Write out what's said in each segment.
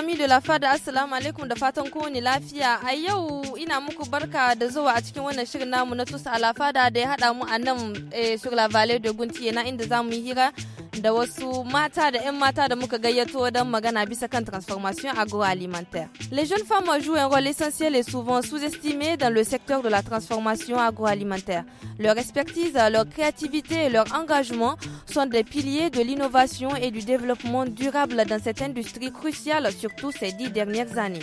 ami da lafada assalamu alaikum da fatan kowane lafiya a yau ina muku barka da zuwa a cikin wannan shirin namu na tusa alafada da ya haɗa mu a nan eh, sur valley da guntiye na inda za mu yi hira transformation agroalimentaire. Les jeunes femmes jouent un rôle essentiel et souvent sous-estimé dans le secteur de la transformation agroalimentaire. Leur expertise, leur créativité et leur engagement sont des piliers de l'innovation et du développement durable dans cette industrie cruciale, surtout ces dix dernières années.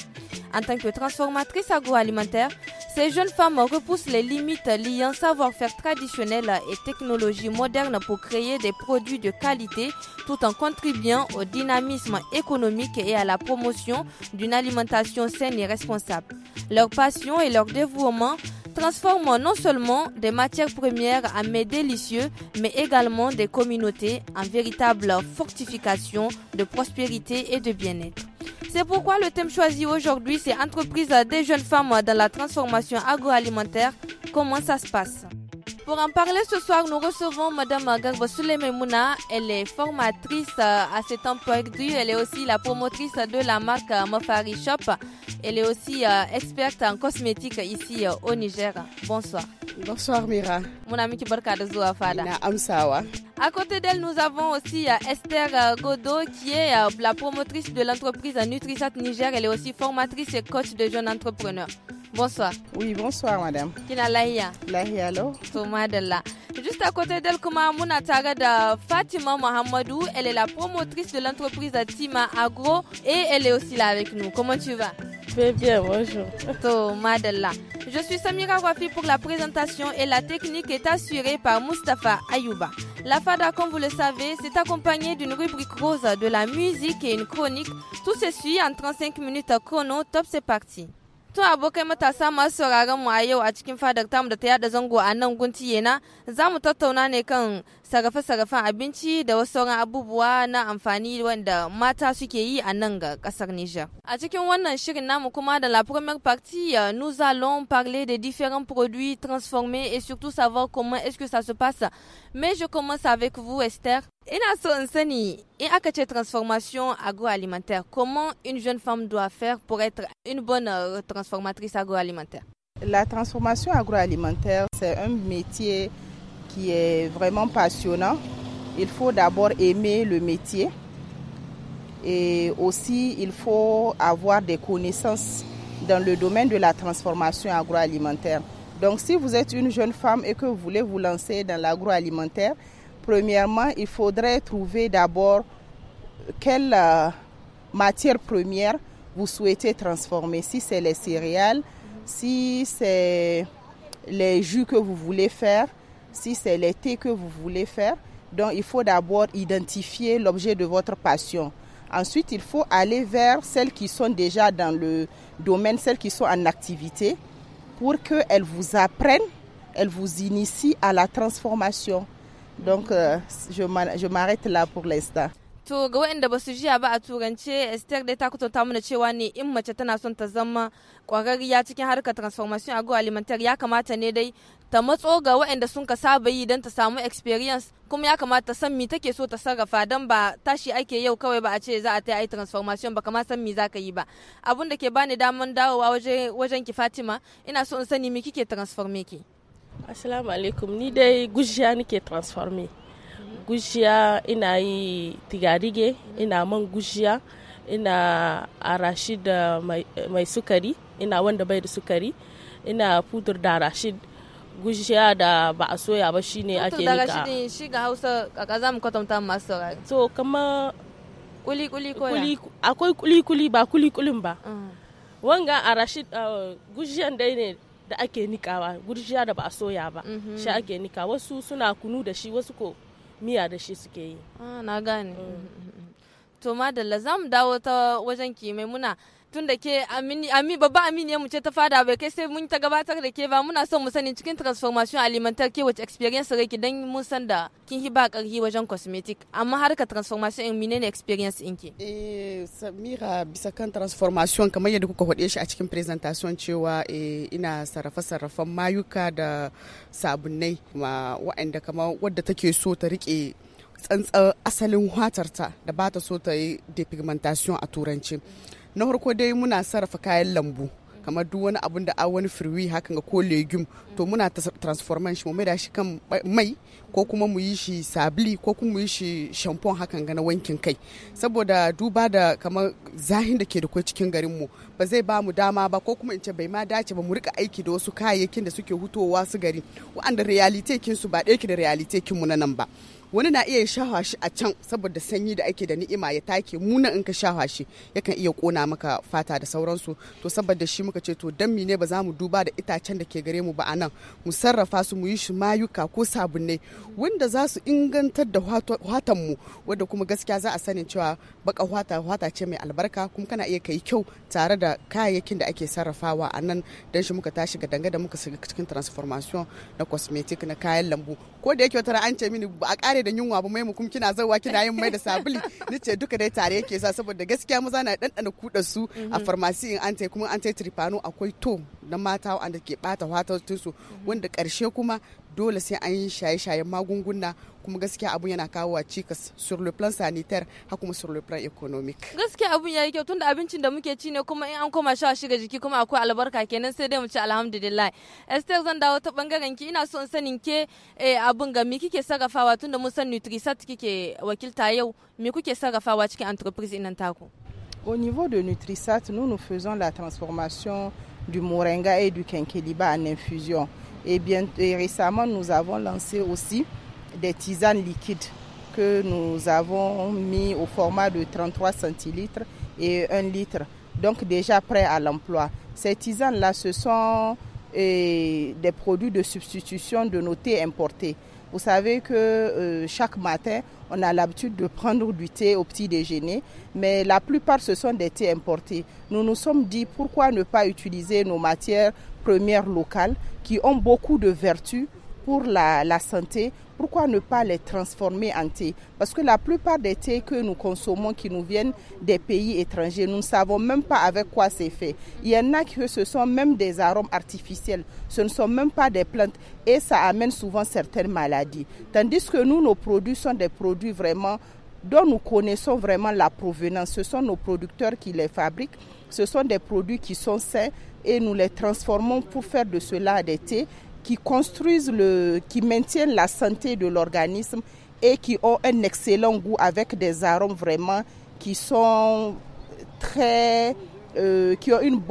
En tant que transformatrice agroalimentaire, ces jeunes femmes repoussent les limites liant savoir-faire traditionnel et technologie moderne pour créer des produits de qualité tout en contribuant au dynamisme économique et à la promotion d'une alimentation saine et responsable. Leur passion et leur dévouement transforment non seulement des matières premières en mets délicieux, mais également des communautés en véritable fortification de prospérité et de bien-être. C'est pourquoi le thème choisi aujourd'hui, c'est entreprise des jeunes femmes dans la transformation agroalimentaire. Comment ça se passe pour en parler ce soir, nous recevons Madame Garba Memouna. Elle est formatrice euh, à cet emploi Elle est aussi la promotrice de la marque Mofari Shop. Elle est aussi euh, experte en cosmétique ici euh, au Niger. Bonsoir. Bonsoir Mira. Mon ami Kibarka de Fada. Amsawa. À côté d'elle, nous avons aussi Esther Godot qui est la promotrice de l'entreprise Nutrisat Niger. Elle est aussi formatrice et coach de jeunes entrepreneurs. Bonsoir. Oui, bonsoir, madame. Kina Tout Lahiya, lo. To, Juste à côté d'elle, Kuma Munatagada Fatima Mohamedou, elle est la promotrice de l'entreprise Tima Agro et elle est aussi là avec nous. Comment tu vas Très bien, bonjour. Je suis Samira Wafi pour la présentation et la technique est assurée par Mustapha Ayuba. La FADA, comme vous le savez, s'est accompagnée d'une rubrique rose, de la musique et une chronique. Tout se suit en 35 minutes chrono. Top, c'est parti. To abokai matasa masu sauraron mu a yau a cikin fadar tamu da ta yada zango a nan gunti yena za mu tattauna ne kan sarrafe-sarrafen abinci da wasu sauran abubuwa na amfani wanda mata suke yi a nan ga kasar niger. A cikin wannan shirin namu kuma da la première partie euh, nous allons parler des différents produits transformés et surtout savoir comment est-ce que ça se passe. Mais je commence avec vous Esther. Et en sani et transformation agroalimentaire, comment une jeune femme doit faire pour être une bonne euh, transformatrice agroalimentaire La transformation agroalimentaire, c'est un métier qui est vraiment passionnant. Il faut d'abord aimer le métier et aussi il faut avoir des connaissances dans le domaine de la transformation agroalimentaire. Donc si vous êtes une jeune femme et que vous voulez vous lancer dans l'agroalimentaire, Premièrement, il faudrait trouver d'abord quelle euh, matière première vous souhaitez transformer. Si c'est les céréales, si c'est les jus que vous voulez faire, si c'est les thés que vous voulez faire. Donc, il faut d'abord identifier l'objet de votre passion. Ensuite, il faut aller vers celles qui sont déjà dans le domaine, celles qui sont en activité, pour qu'elles vous apprennent, elles vous initient à la transformation. Donc, euh, je m'arrête là pour l'instant. To ga waɗanda ba su jiya ba a turance Esther dai ta kutunta mana cewa ne in mace tana son ta zama ƙwararriya cikin harkar transformation agroalimentary ya kamata ne dai ta matso ga waɗanda sun ka saba yi don ta samu experience kuma ya kamata san mi take so ta sarrafa don ba tashi ake yau kawai ba a ce za a ta yi transformation ba kama san mi za ka yi ba abun da ke bani daman dawowa wajen ki Fatima ina so in sani mi kike transforme ki. Assalamu alaikum ni dai gujiya nake transforme. Gujiya ina yi tigarige, ina man gujiya, ina arashi da mai, sukari, ina wanda bai da sukari, ina fudur da arashi gujiya da ba a soya ba shine ake nika. Fudur shi ga Hausa a za mu kwatanta masu saurari. So kama kuli-kuli ko Akwai kuli-kuli ba kuli-kulin ba. Mm. Wanga arashi ah, gujiyan dai ne da ake nikawa gurjiya da ba a soya ba mhm. shi ake nika wasu suna kunu da shi wasu ko miya da shi suke yi ah, na gane mm. Mm, mm, to madalla za mu dawo ta wajen kimai muna tun da ke ami babba amini mu ce ta fada bai kai sai mun ta gabatar da ke ba muna son mu sani cikin transformation alimentar ke wace experience rake dan mun san da kin hi ba karhi wajen cosmetic amma har ka transformation in menene experience in ke eh Samira bisa kan transformation kamar yadda kuka hode shi a cikin presentation cewa eh, ina sarrafa sarrafan mayuka da sabunai ma wa'anda kama wadda take so ta rike tsantsar asalin watarta da ba ta so ta yi depigmentation a turanci na farko dai muna sarrafa kayan lambu kamar duk wani abun da a wani firwi hakan ga ko legume to muna transforman shi mai da shi kan mai ko kuma mu yi shi sabli ko kuma mu yi shi shampoo hakan ga na wankin kai saboda duba da kamar zahin da ke da kwai cikin garin mu ba zai ba mu dama ba ko kuma in ce bai ma dace ba mu rika aiki da wasu kayayyakin da suke hutowa su gari wa'anda realitekin su ba ɗaya da realitekin mu na nan ba wani na iya shafa shi a can saboda sanyi da ake da ni'ima ya take muna in ka shafa shi yakan iya kona maka fata da sauransu to saboda shi muka ce to dan ne ba za mu duba da itacen da ke gare mu ba a nan mu sarrafa su mu yi shi mayuka ko sabunne wanda za su ingantar da watan mu wanda kuma gaskiya za a sanin cewa baka wata wata ce mai albarka kuma kana iya kai kyau tare da kayayyakin da ake sarrafawa a nan dan shi muka tashi ga da muka shiga cikin transformation na cosmetic na kayan lambu ko da yake wata an ce mini ba a kare da yunwa ba mai mu kuma kina zawa kina yin mai da sabuli nace duka dai tare yake sa saboda gaskiya maza na dandana kuɗa su a farmasi mhm. in an tai kuma an tai tripano akwai to na mata mhm. wanda ke bata fatar su wanda karshe kuma dole sai an yi shaye-shayen magunguna kuma gaskiya abun yana kawo cikas sur le plan sanitaire hakuma sur le plan économique gaskiya abun yayi kyau tunda abincin da muke ci ne kuma in an koma shawa shiga jiki kuma akwai albarka kenan sai dai mu ci alhamdulillah Esther zan dawo ta bangaren ki ina son sanin ke eh, abun ga me kike sarrafawa tunda mun san Nutrisat kike wakilta yau me kuke sarrafawa cikin entreprise inan taku Au niveau de Nutrisat, nous, nous faisons la transformation du moringa et du quinqueliba en infusion. Et, bien, et récemment, nous avons lancé aussi des tisanes liquides que nous avons mis au format de 33 centilitres et 1 litre, donc déjà prêts à l'emploi. Ces tisanes-là, ce sont euh, des produits de substitution de nos thés importés. Vous savez que euh, chaque matin, on a l'habitude de prendre du thé au petit déjeuner, mais la plupart ce sont des thés importés. Nous nous sommes dit pourquoi ne pas utiliser nos matières premières locales qui ont beaucoup de vertus pour la, la santé, pourquoi ne pas les transformer en thé Parce que la plupart des thés que nous consommons qui nous viennent des pays étrangers, nous ne savons même pas avec quoi c'est fait. Il y en a qui ce sont même des arômes artificiels, ce ne sont même pas des plantes et ça amène souvent certaines maladies. Tandis que nous, nos produits sont des produits vraiment dont nous connaissons vraiment la provenance. Ce sont nos producteurs qui les fabriquent. Ce sont des produits qui sont sains et nous les transformons pour faire de cela des thés qui construisent, le, qui maintiennent la santé de l'organisme et qui ont un excellent goût avec des arômes vraiment qui sont très, euh, qui, ont une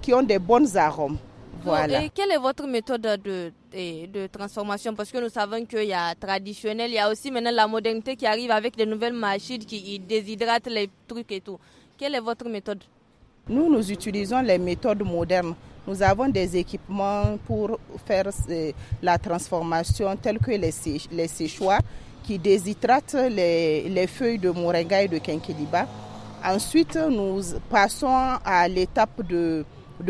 qui ont des bons arômes. Voilà. Et quelle est votre méthode de, de, de transformation Parce que nous savons qu'il y a traditionnel, il y a aussi maintenant la modernité qui arrive avec des nouvelles machines qui déshydratent les trucs et tout. Quelle est votre méthode Nous, nous utilisons les méthodes modernes nous avons des équipements pour faire euh, la transformation tels que les, séchoirs qui déshydratent les, feuilles de moringa et de quinquiliba. Ensuite, nous passons à l'étape de,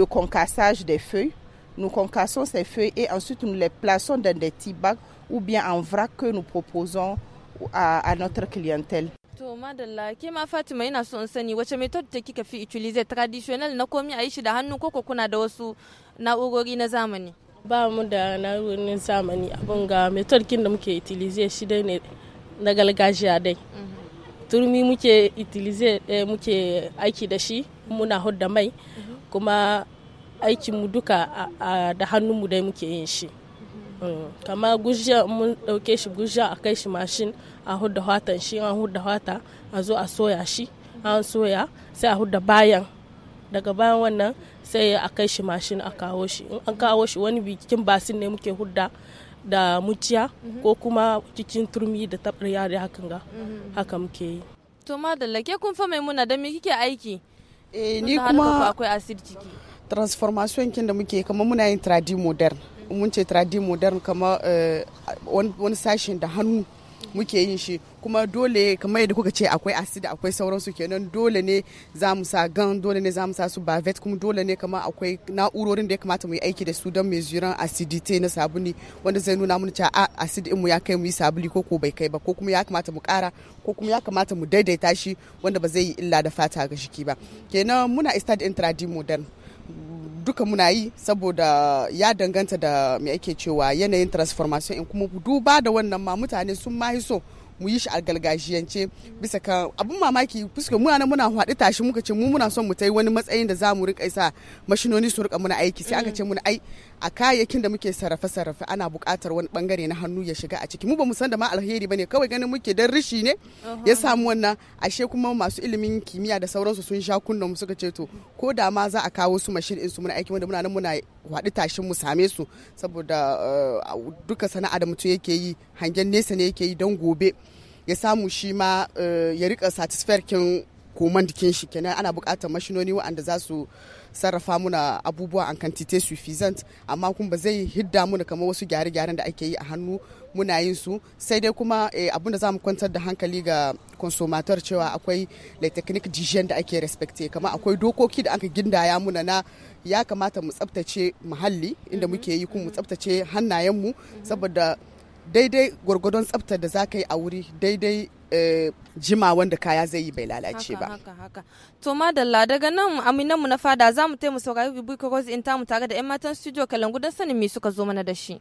concassage des feuilles. Nous concassons ces feuilles et ensuite nous les plaçons dans des petits bacs ou bien en vrac que nous proposons à notre clientèle. To madalla ke ma Fatima yana so in sani wace method da kika fi utilize traditional na komi a yi shi da hannu koko kuna da wasu na'urori na zamani? Ba mu da na zamani abin ga method kin da muke utilize shi dai ne na gargajiya dai. Mhm. Turmi muke utilize eh, muke aiki da shi muna hudda mai mhm. kuma mu duka da hannunmu dai muke yin shi. kama gujiya mun dauke shi gujiya a kai shi mashin a hudda watan shi an hudda wata a zo a soya shi an soya sai a hudda bayan daga bayan wannan sai a kai shi mashin a kawo shi in an kawo shi wani bikin basin ne muke hudda da muciya ko kuma cikin turmi da tabarya da hakan ga haka muke yi to madalla ke kun fa Muna da me kike aiki eh ni kuma akwai acid ciki transformation kin da muke kamar muna yin tradi modern mun ce tradi modern kama, eh, wani sashen da hannu muke yin shi kuma dole kamar yadda kuka ce akwai acid akwai sauransu kenan dole ne za mu sa gan dole ne za mu sa su bavet kuma dole ne kamar akwai na'urorin da ya kamata mu yi aiki da su don mezuran acidity na sabuni wanda zai nuna mana cewa ah, acid mu ya kai mu yi sabuli ko ko bai kai ba ko kuma ya kamata mu kara ko kuma ya kamata mu daidaita shi wanda ba zai yi illa da fata ga shiki ba kenan muna istad intradi modern duka muna yi saboda ya danganta da me ake cewa yanayin transformation in kuma duba da wannan ma mutane sun ma so mu yi shi a gargajiyance bisa kan abin mamaki fuska muna nan muna haɗu tashi muka ce mu muna son mu ta yi wani matsayin da za mu rika sa mashinoni su rika muna aiki sai aka ce muna ai a kayayyakin da muke sarrafe-sarrafe ana buƙatar wani bangare na hannu ya shiga a ciki mu ba mu san da ma alheri bane kawai ganin muke dan rishi ne ya samu wannan ashe kuma masu ilimin kimiyya da sauransu sun sha kunnan mu suka ce to ko da ma za a kawo su mashin din su muna aiki wanda muna nan muna waɗi tashin mu same su saboda eh, duka sana'a da mutum yake yi hangen nesa ne yake yi don gobe ya samu shi ma eh, ya rika satisfaction koman dikin shi kenan ana buƙatar mashinoni waɗanda za su sarrafa muna abubuwa an kantite suffisant amma kuma ba zai hidda muna kamar wasu gyare-gyaren da ake yi a hannu muna yin su sai dai kuma eh, abin da za mu kwantar da hankali ga consumator cewa akwai la technique da ake respecte kamar akwai dokoki da aka gindaya muna na ya kamata mu tsabtace muhalli inda muke yi kuma mu tsabtace hannayenmu saboda daidai gwargwadon tsabtar da za ka yi a wuri daidai eh, jima wanda kaya zai yi bai lalace ba. Haka haka. To madalla daga nan aminan mu na fada za mu taimu saurari rubuka Rose in tamu tare da 'yan matan studio Kalangu don sanin me suka zo mana da shi.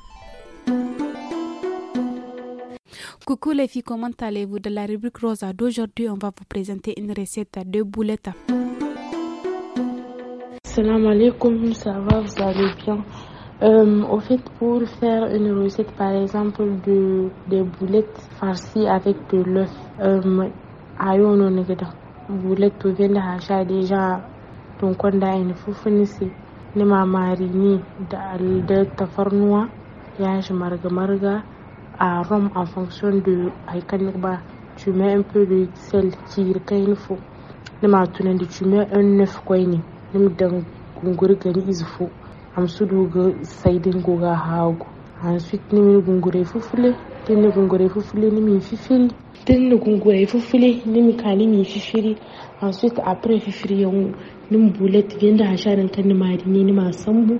Coucou les filles, comment allez-vous de la rubrique Rosa d'aujourd'hui, on va vous présenter une recette de boulettes. Salam alaikum, ça va, vous allez bien euh, Au fait, pour faire une recette, par exemple, de, boulettes farcies avec de l'œuf, euh, on no negada boulettes to hacha déjà ton konda en fufuni ne ma marini maquillage marga-marga à Rome en fonction de aïkanirba, Tu mets un peu de sel qui il faut. Ne matin, tu mets un œuf koini. Ne me donne gunguri gani izufu. Am suduga saidin goga hago. Ensuite ne me gunguri fufule. ten me gunguri fufule ne me fifiri. Ne me gunguri fufule ne me kani me fifiri. Ensuite après fifiri yangu ne me boulette viendra de hacharin kan ne marini ne ma sambu.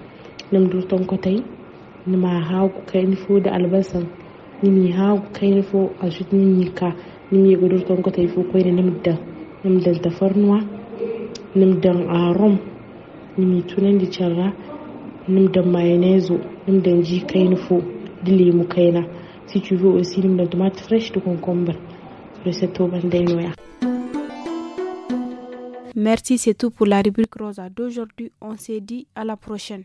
nam du tonkotai nima hagu ni fo da albasan nimi hagu ni fo a ni nimi ka nimi ga dur tonkotai fo koyne namdan namdan tafarnuwa namdan arom nimi tunan di charra da mayonnaise da ji ni fo di lemu kaina si tu veux aussi da tomate fraîche de concombre recette au bandeau noya Merci, c'est tout pour la rubrique Rosa d'aujourd'hui. On se dit à la prochaine.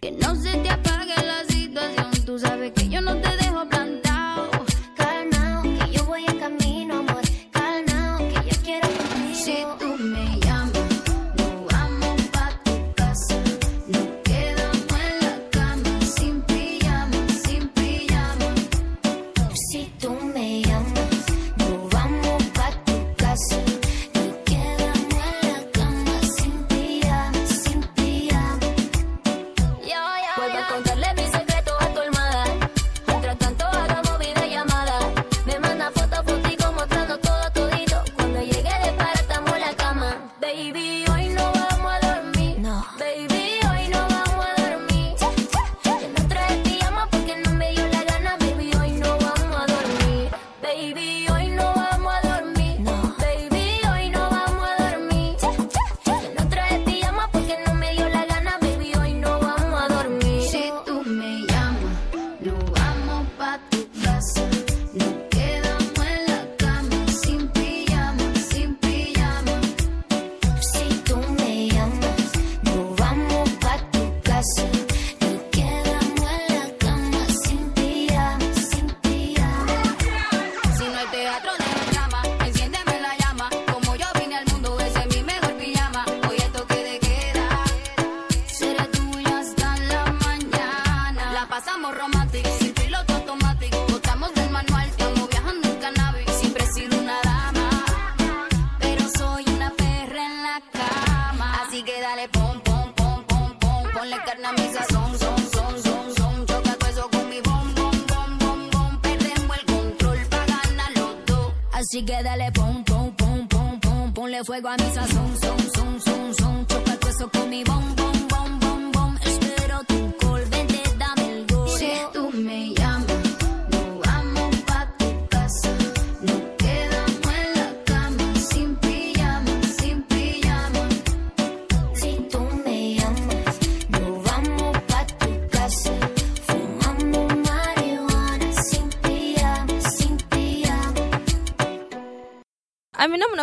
que dale pum, pum, pum, pum, pum. Ponle fuego a mi sazón, son, son, son, son. Choca el queso con mi bombón.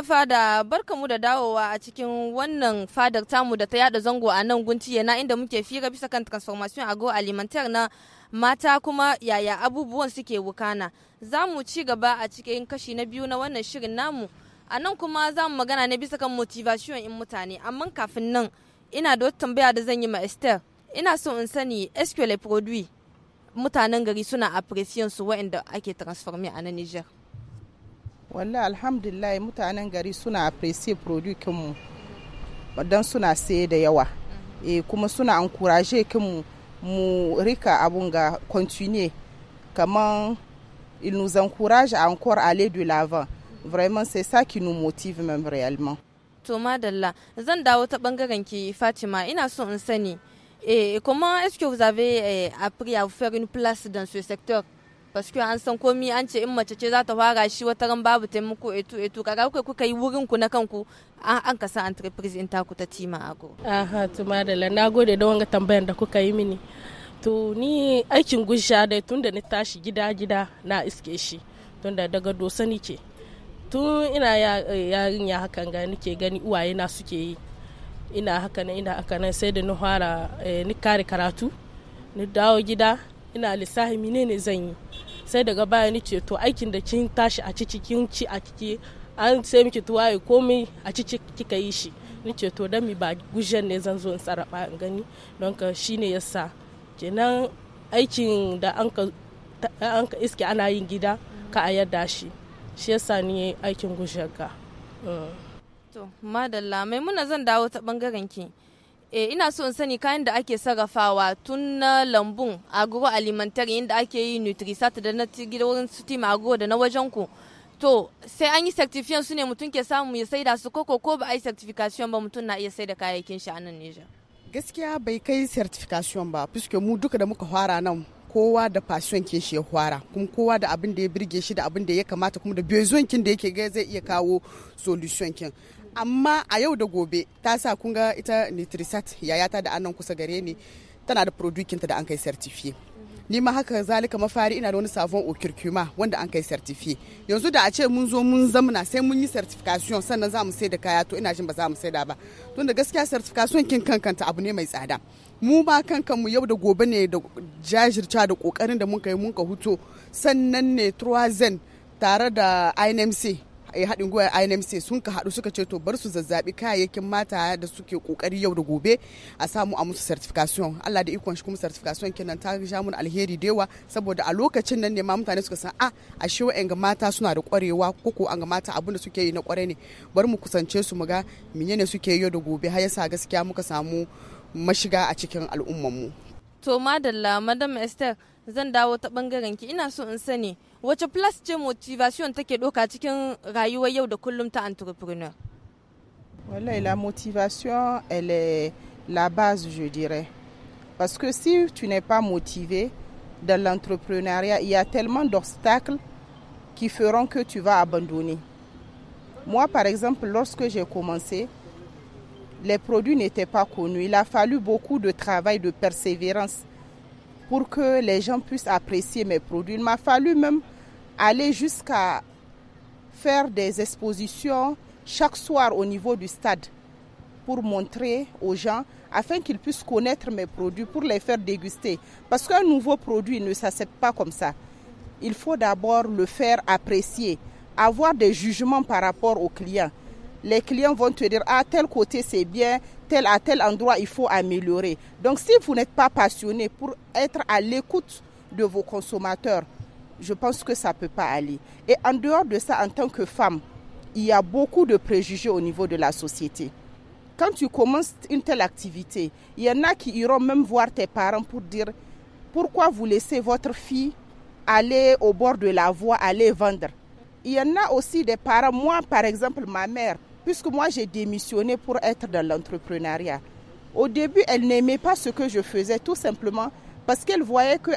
fada mu da dawowa a cikin wannan fadar tamu da ta yada zango a nan gunci yana inda muke fira bisa kan transformation ago alimentar na mata kuma yaya abubuwan suke wukana za mu ci gaba a cikin kashi na biyu na wannan shirin namu a nan kuma za mu magana ne bisa kan motivation in mutane amma kafin nan ina da wata tambaya da zan yi ma esther ina so in sani esque produit mutanen gari suna appreciation su waɗanda ake transforme a na niger Wallah alhamdulillah mutanen gari suna appreciate produit kinmu don suna saye da yawa. E, kuma suna encourage kinmu mu rika abun ga continue kamar il nous encourage à encore aller de l'avant. Mm-hmm. Vraiment c'est ça qui nous motive même réellement. To madalla zan dawo ta bangaren ki Fatima ina so in sani. Et eh, comment est-ce que vous avez eh, appris à vous faire une place dans ce secteur paske an san komi an ce in mace ce za ta fara shi wata ran babu taimako etu etu kaga kuka kuka yi wurin ku na kanku an an kasa entreprise in ku ta tima ago aha to na nagode da wanga tambayan da kuka yi mini to ni aikin gusha dai tunda ni tashi gida gida na iske shi tunda daga ni ke tun ina yarinya hakan ga nike gani uwaye na suke yi ina haka ina haka sai da ni fara eh, ni kare karatu ni dawo gida ina lissahi menene zan yi sai daga baya ni ce to aikin da kin tashi a ciki kin ci a ciki an sai miki tuwaye komai a ciki kika yi shi ni ce to dan mi ba gujen ne zan zo in sarrafa in gani don ka shine yasa kenan aikin da an ka an iske ana yin gida ka a yadda shi shi yasa ni aikin gujen ka mm. to madalla maimuna zan dawo ta bangaren ki Eh, ina so in sani kayan da ake sarrafawa tun na lambun agroalimentary inda ake yi nutrisat da na wurin su agro da na wajen ku. To, sai an yi certification su ne mutum ke samu ya saida su koko ko ba a yi certification ba mutum na iya saida kayayyakin shi a nan Nijar. Gaskiya bai kai certification ba, fuske mu duka da muka fara nan kowa da fashion ke shi ya fara kuma kowa da abin da ya birge shi da abin da ya kamata kuma da bezonkin da yake ga zai iya kawo solution kin amma a yau da gobe ta sa kun ita nitrisat yayata da annan kusa gare ni tana da produkinta da an kai certifiye ni ma haka zalika mafari ina da wani sabon okirkuma wanda an kai certifiye yanzu da a ce mun zo mun zamna sai mun yi certification sannan za mu sai da kaya to ina jin ba za mu sai da ba tun da gaskiya certification kin kankanta abu ne mai tsada mu ma kankan mu yau da gobe ne da jajirca da kokarin da mun kai mun ka huto sannan ne troazen tare da inmc haɗin gwiwar INMC sun ka haɗu suka ce to bar su zazzabi kayayyakin mata da suke kokari yau da gobe a samu a musu certification Allah da ikon shi kuma certification kenan ta sha mun alheri da yawa saboda a lokacin nan ne ma mutane suka san a ah, ashe ga mata suna da kwarewa koko an ga mata abin da suke yi na kware ne bar mu kusance su mu ga menene suke yau da gobe har yasa gaskiya muka samu mashiga a cikin al'ummarmu. To madalla madam Esther zan dawo ta bangaren ki ina so in sani wace motivation la motivation, elle est la base, je dirais. Parce que si tu n'es pas motivé dans l'entrepreneuriat, il y a tellement d'obstacles qui feront que tu vas abandonner. Moi, par exemple, lorsque j'ai commencé, les produits n'étaient pas connus. Il a fallu beaucoup de travail, de persévérance pour que les gens puissent apprécier mes produits. Il m'a fallu même aller jusqu'à faire des expositions chaque soir au niveau du stade pour montrer aux gens afin qu'ils puissent connaître mes produits, pour les faire déguster. Parce qu'un nouveau produit ne s'accepte pas comme ça. Il faut d'abord le faire apprécier, avoir des jugements par rapport aux clients. Les clients vont te dire, ah, tel côté c'est bien, tel à tel endroit il faut améliorer. Donc si vous n'êtes pas passionné pour être à l'écoute de vos consommateurs, je pense que ça ne peut pas aller. Et en dehors de ça, en tant que femme, il y a beaucoup de préjugés au niveau de la société. Quand tu commences une telle activité, il y en a qui iront même voir tes parents pour dire pourquoi vous laissez votre fille aller au bord de la voie, aller vendre. Il y en a aussi des parents, moi par exemple ma mère, puisque moi j'ai démissionné pour être dans l'entrepreneuriat. Au début, elle n'aimait pas ce que je faisais tout simplement parce qu'elle voyait que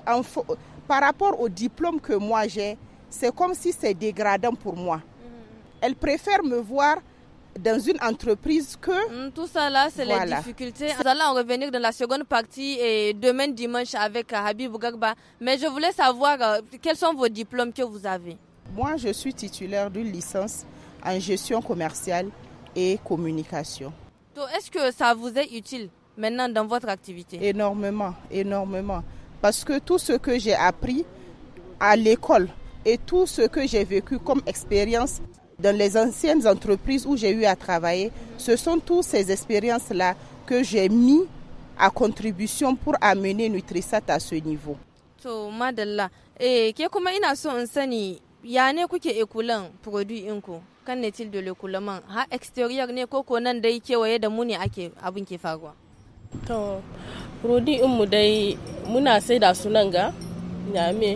par rapport au diplôme que moi j'ai, c'est comme si c'est dégradant pour moi. Elle préfère me voir dans une entreprise que... Mm, tout ça là, c'est la difficulté. difficultés. Nous allons revenir dans la seconde partie et demain dimanche avec euh, Habib Gagba. Mais je voulais savoir euh, quels sont vos diplômes que vous avez. Moi, je suis titulaire d'une licence en gestion commerciale et communication. Est-ce que ça vous est utile maintenant dans votre activité Énormément, énormément. Parce que tout ce que j'ai appris à l'école et tout ce que j'ai vécu comme expérience dans les anciennes entreprises où j'ai eu à travailler, ce sont toutes ces expériences-là que j'ai mis à contribution pour amener Nutrisat à ce niveau. To madalla, eh ke kuma ina so in sani ya ne kuke ekulan produit ku kan ne til dole l'écoulement ha exterior ne koko nan dai kewaye da mu ne ake abin ke faruwa. To produit mu dai muna sai da su nan ga nyame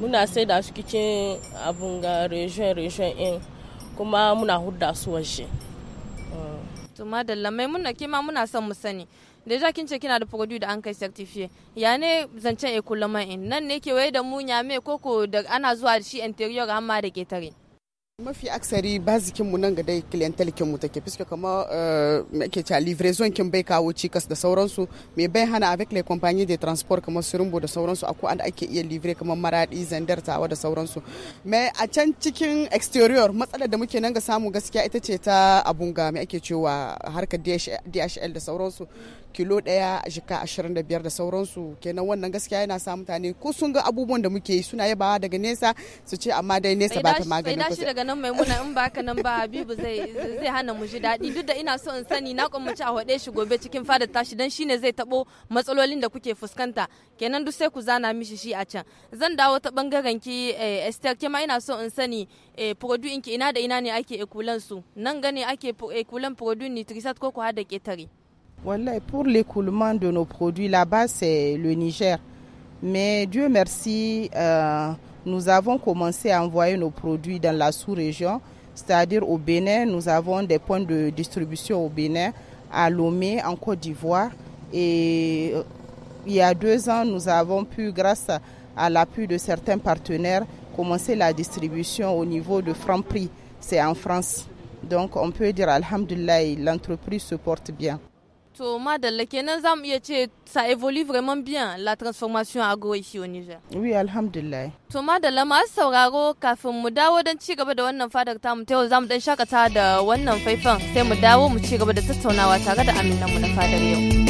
muna sai da su cikin abun ga region region in kuma muna hudda su waje tuma da lamai muna kima muna son mu sani deja kin ce kina da produit da an kai certifié ya ne zancen kullama in nan ne ke waye da mu nyame koko da ana zuwa shi interior amma da ketare mafi aksari bazikin mu nan ga dai clientele kin mu take fiske eh, me ake ta livraison kin bai kawo cikas da sauransu mai bai hana avec les compagnies de transport kamar surumbo da sauransu akwai an ake iya livre kamar maradi zandar tawa da sauransu mai a can cikin exterior matsalar da muke nan ga samu gaskiya ita ce ta abunga mai ake cewa harkar DHL da sauransu kilo daya a jika ashirin da biyar da sauransu kenan wannan gaskiya yana sa mutane ko sun ga abubuwan da muke yi suna yabawa daga nesa su ce amma dai nesa ba ta maganin kusa. Sai daga nan maimuna in baka nan ba Habibu zai zai hana mu ji daɗi duk da ina so in sani na kuma ci a hode shi gobe cikin fadar tashi dan shine zai tabo matsalolin da kuke fuskanta kenan duk sai ku zana mishi shi a can zan dawo ta bangaren ki eh, Esther kema ina so in sani eh, produit inki ina da ina ne ake ekulan su nan gane ake ekulan produit nitrisat ko ku hada ketare. Voilà, pour l'écoulement de nos produits là-bas, c'est le Niger. Mais Dieu merci, euh, nous avons commencé à envoyer nos produits dans la sous-région, c'est-à-dire au Bénin. Nous avons des points de distribution au Bénin, à Lomé, en Côte d'Ivoire. Et euh, il y a deux ans, nous avons pu, grâce à, l'appui de certains partenaires, commencer la distribution au niveau de Prix. C'est en France. Donc on peut dire, Alhamdulillah, l'entreprise se porte bien. To madalla kenan za mu iya ce sa évolue vraiment bien la transformation agro ici au Niger. Oui, alhamdulillah. To madalla masu sauraro kafin mu dawo don ci gaba da wannan fadar tamu ta yau za mu dan shakata da wannan faifan sai mu dawo mu ci gaba da tattaunawa tare da aminan mu na fadar yau.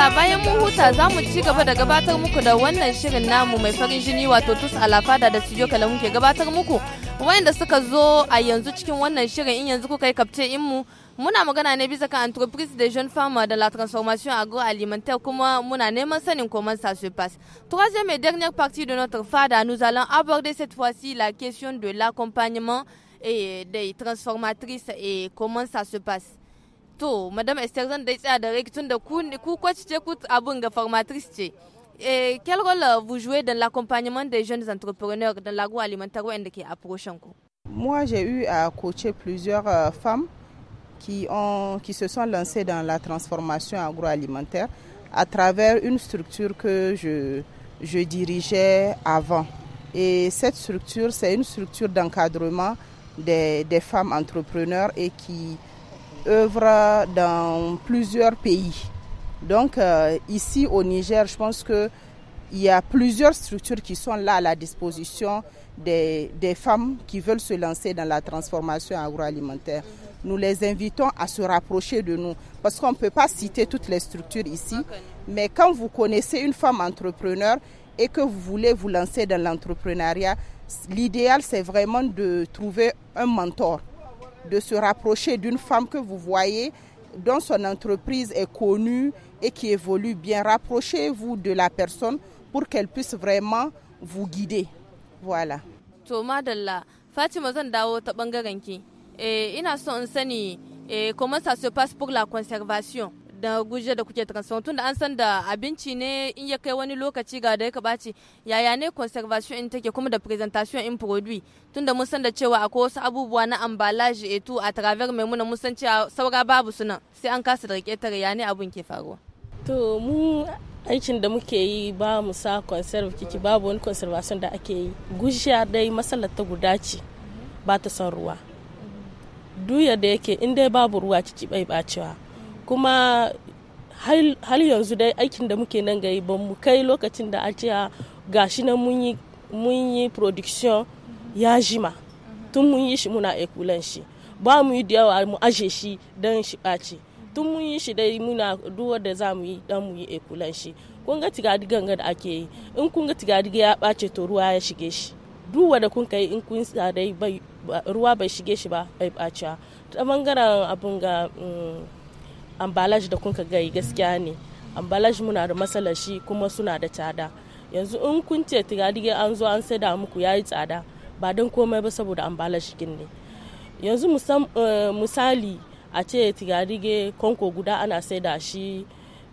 Allah bayan huta za mu ci gaba da gabatar muku da wannan shirin namu mai farin jini wato tus alafada da studio kalamu ke gabatar muku wayanda suka zo a yanzu cikin wannan shirin in yanzu kuka yi kapte in mu muna magana ne bisa kan entreprise des jeunes femmes de la transformation agroalimentaire kuma muna neman sanin comment ça se passe. Troisième et dernière partie de notre fada, nous allons aborder cette fois-ci la question de l'accompagnement et des transformatrices et comment ça se passe to esther zan dai tsaya da rai da ku ku ga formatrice ce Et eh, quel rôle euh, vous jouez dans l'accompagnement des jeunes entrepreneurs dans l'agroalimentaire qui approche Moi, j'ai eu à coacher plusieurs euh, femmes qui, ont, qui se sont lancées dans la transformation agroalimentaire à travers une structure que je, je dirigeais avant. Et cette structure, c'est une structure d'encadrement des, des femmes entrepreneurs et qui œuvre dans plusieurs pays. Donc euh, ici au Niger, je pense que il y a plusieurs structures qui sont là à la disposition des, des femmes qui veulent se lancer dans la transformation agroalimentaire. Nous les invitons à se rapprocher de nous parce qu'on ne peut pas citer toutes les structures ici. Mais quand vous connaissez une femme entrepreneur et que vous voulez vous lancer dans l'entrepreneuriat, l'idéal c'est vraiment de trouver un mentor de se rapprocher d'une femme que vous voyez dont son entreprise est connue et qui évolue bien. Rapprochez-vous de la personne pour qu'elle puisse vraiment vous guider. Voilà. Thomas eh, eh, comment ça se passe pour la conservation da guje da kuke transform tunda an san da abinci ne in ya kai wani lokaci ga da ya ɓaci yaya ne conservation in take kuma da presentation in produit tunda mun san da cewa akwai wasu abubuwa na ambalage etu a travers mai maimuna mun san cewa saura babu suna sai an kasa da tare ya ne abun ke faruwa to mu aikin da muke yi ba mu sa conserve kiki babu wani conservation da ake yi gushiya dai matsalar ta guda ce ba ta son ruwa duya da yake in dai babu ruwa kiki bai bacewa kuma har yanzu dai aikin da muke nan yi ba mu kai lokacin da a ce ah, gashi na mun yi production ya jima tun mun yi shi muna ekulan shi ba mu yi da yawa mu aje shi don shi ɓaci tun mun yi shi dai muna duwa da za mu yi dan mu yi ekulan shi kun ga da ake yi in kun ga tigadiga ya ɓace to ruwa ya shige shi duwa da kun kai in kun dai ruwa bai shige shi ba bai ɓacewa ta bangaren abun ga mm, ambalage da kun gai gaskiya ne ambalage muna da matsalar shi kuma suna da tsada yanzu in kun ce tiradigen an zo an saida muku ya yi tsada ba don komai ba saboda ambalage kin ne yanzu eh, misali a ce tirarige konko guda ana saida shi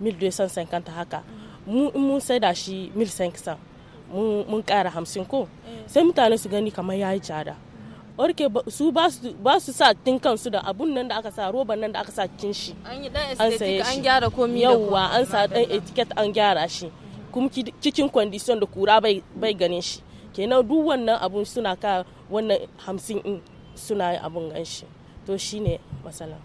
1250 haka mun saida shi 1500 mun kara 50 ko eh. sai mutane su gani kamar ya yi tsada orke su ba su sa tun kansu da abun nan da aka sa roban nan da aka sa cikin shi an saye shi an gyara komi yawwa an sa dan etiket an gyara shi kuma cikin condition da kura bai ganin shi kenan duk wannan abun suna ka wannan hamsin in suna abun gan shi to shine masala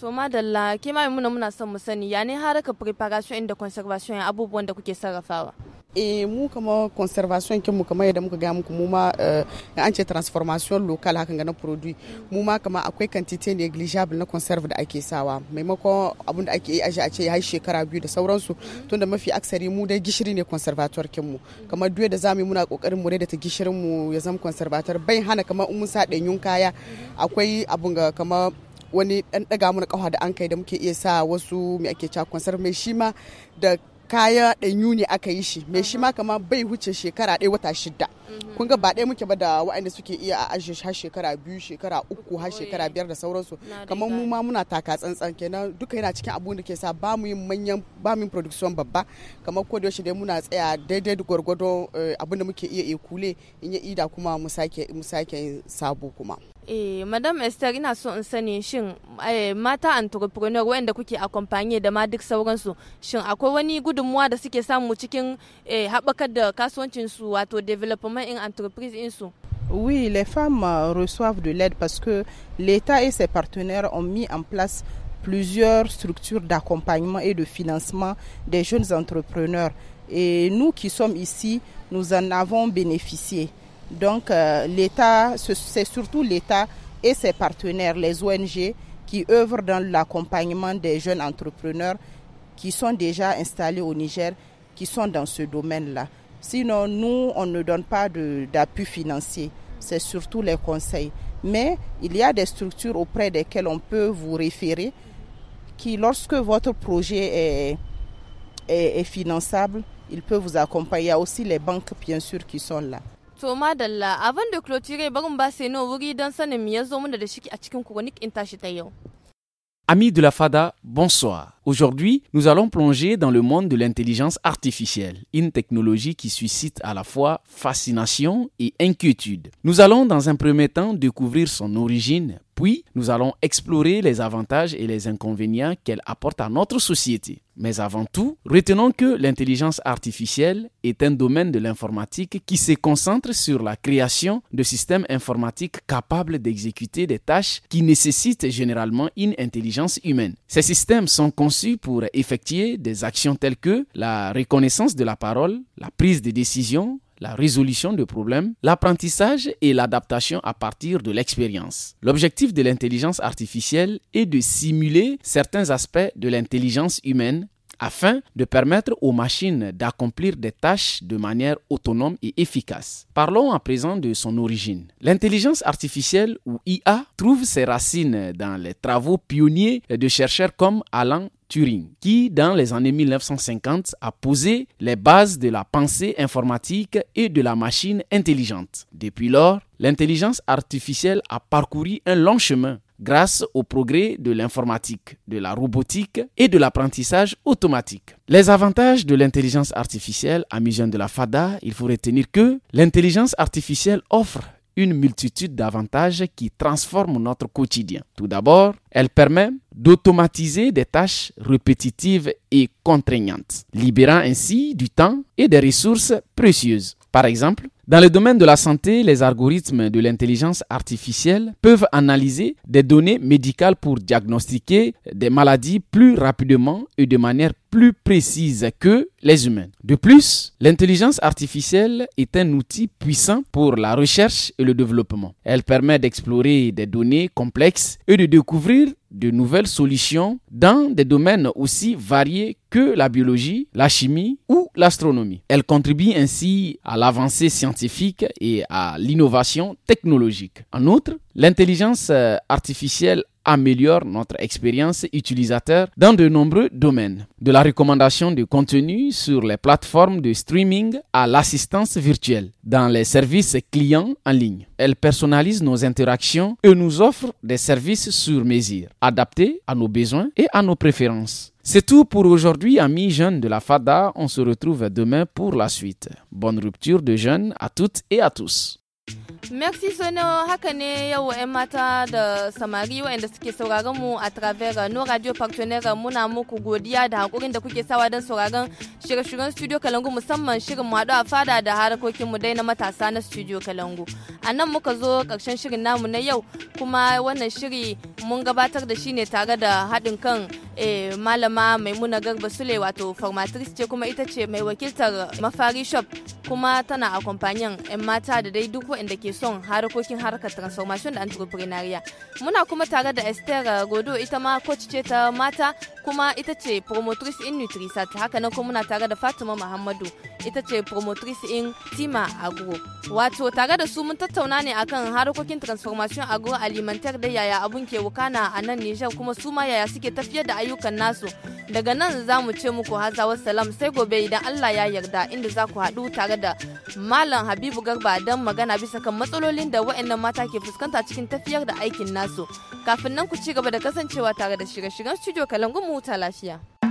to madalla ke ma muna muna son mu sani ya ne haraka preparation da conservation abubuwan da kuke sarrafawa e mu kama conservation kin mu kama yadda muka ga muku mu ma eh, an ce transformation local hakan ga na produit mu ma kama akwai quantity negligible na conserve da ake sawa maimakon abin da ake yi a ce har shekara biyu da sauransu tunda mafi aksari mu dai gishiri ne conservator kin mu kama duwe da zamu muna kokarin mu da gishirin mu ya zama conservator bai hana kama in mun sa danyun kaya akwai abun ga kama wani dan daga mana kafa da an kai da muke iya sa wasu me ake cewa conserve mai shi ma da kaya da yuni aka yi shi mai shi ma kamar bai wuce shekara ɗaya wata shida mhm. kun ga ba ɗaya muke ba da waɗanda suke iya a ajiye har shekara biyu shekara uku har shekara biyar da sauransu kamar mu ma muna taka tsantsan kenan duka yana cikin abun da ke sa ba mu yin manyan ba mu yin production babba kamar ko da yaushe dai muna tsaya daidai da gwargwado eh, abun da muke iya ekule in ya ida kuma mu sake mu sake sabo kuma Eh, Madam Esther ina so in sani shin eh, mata entrepreneur waɗanda kuke accompany da ma duk sauransu shin akwai wani gudunmuwa da suke samu cikin eh, haɓakar da kasuwancin su wato development in entreprise in su? Oui, les femmes euh, reçoivent de l'aide parce que l'État et ses partenaires ont mis en place plusieurs structures d'accompagnement et de financement des jeunes entrepreneurs. Et nous qui sommes ici, nous en avons bénéficié. Donc euh, l'État, c'est surtout l'État et ses partenaires, les ONG, qui œuvrent dans l'accompagnement des jeunes entrepreneurs qui sont déjà installés au Niger, qui sont dans ce domaine-là. Sinon, nous, on ne donne pas d'appui financier, c'est surtout les conseils. Mais il y a des structures auprès desquelles on peut vous référer, qui, lorsque votre projet est finançable, il peut vous accompagner. Il y a aussi les banques, bien sûr, qui sont là. Amis de la FADA, bonsoir. Aujourd'hui, nous allons plonger dans le monde de l'intelligence artificielle, une technologie qui suscite à la fois fascination et inquiétude. Nous allons dans un premier temps découvrir son origine, oui, nous allons explorer les avantages et les inconvénients qu'elle apporte à notre société. Mais avant tout, retenons que l'intelligence artificielle est un domaine de l'informatique qui se concentre sur la création de systèmes informatiques capables d'exécuter des tâches qui nécessitent généralement une intelligence humaine. Ces systèmes sont conçus pour effectuer des actions telles que la reconnaissance de la parole, la prise de décision, la résolution de problèmes, l'apprentissage et l'adaptation à partir de l'expérience. L'objectif de l'intelligence artificielle est de simuler certains aspects de l'intelligence humaine afin de permettre aux machines d'accomplir des tâches de manière autonome et efficace. Parlons à présent de son origine. L'intelligence artificielle ou IA trouve ses racines dans les travaux pionniers de chercheurs comme Alan Turing, qui, dans les années 1950, a posé les bases de la pensée informatique et de la machine intelligente. Depuis lors, l'intelligence artificielle a parcouru un long chemin grâce au progrès de l'informatique, de la robotique et de l'apprentissage automatique. Les avantages de l'intelligence artificielle, amis jeunes de la FADA, il faut retenir que l'intelligence artificielle offre une multitude d'avantages qui transforment notre quotidien. Tout d'abord, elle permet d'automatiser des tâches répétitives et contraignantes, libérant ainsi du temps et des ressources précieuses. Par exemple, dans le domaine de la santé, les algorithmes de l'intelligence artificielle peuvent analyser des données médicales pour diagnostiquer des maladies plus rapidement et de manière plus précise que les humains. De plus, l'intelligence artificielle est un outil puissant pour la recherche et le développement. Elle permet d'explorer des données complexes et de découvrir de nouvelles solutions dans des domaines aussi variés que la biologie, la chimie ou l'astronomie. Elle contribue ainsi à l'avancée scientifique et à l'innovation technologique. En outre, l'intelligence euh, artificielle améliore notre expérience utilisateur dans de nombreux domaines, de la recommandation de contenu sur les plateformes de streaming à l'assistance virtuelle dans les services clients en ligne. Elle personnalise nos interactions et nous offre des services sur mesure, adaptés à nos besoins et à nos préférences. C'est tout pour aujourd'hui, amis jeunes de la FADA. On se retrouve demain pour la suite. Bonne rupture de jeunes à toutes et à tous. Merci Sono haka ne yau 'yan mata da samari waɗanda suke sauraron mu a travera uh, no radio partenaire uh, muna muku godiya da hakurin da kuke sawa don sauraron shirye-shiryen studio Kalangu musamman shirin maɗo a fada da harkokin mu dai na matasa na studio Kalangu. A nan muka zo ƙarshen shirin namu na yau kuma wannan shiri mun gabatar da shi ne tare da haɗin kan eh, malama maimuna garba sule wato formatrice ce kuma ita ce mai wakiltar mafari shop kuma tana a kwamfanin 'yan mata da dai duk waɗanda ke ke son harkokin harkar transformation da entrepreneuria muna kuma tare da esther godo ita ma coach ce ta mata kuma ita ce promotrice in nutrisat haka nan kuma muna tare da fatima muhammadu ita ce promotrice in tima agro wato tare da su mun tattauna ne akan harkokin transformation agro alimentar da yaya abun ke wukana a nan nijar kuma su ma yaya suke tafiyar da ayyukan nasu daga nan za mu ce muku hazawar salam sai gobe idan allah ya yarda inda za ku haɗu tare da malam habibu garba don magana bisa kan matsalolin da waɗannan mata ke fuskanta cikin tafiyar da aikin nasu. Kafin nan ku ci gaba da kasancewa tare da shirye-shiryen studio kalangun mu huta lafiya.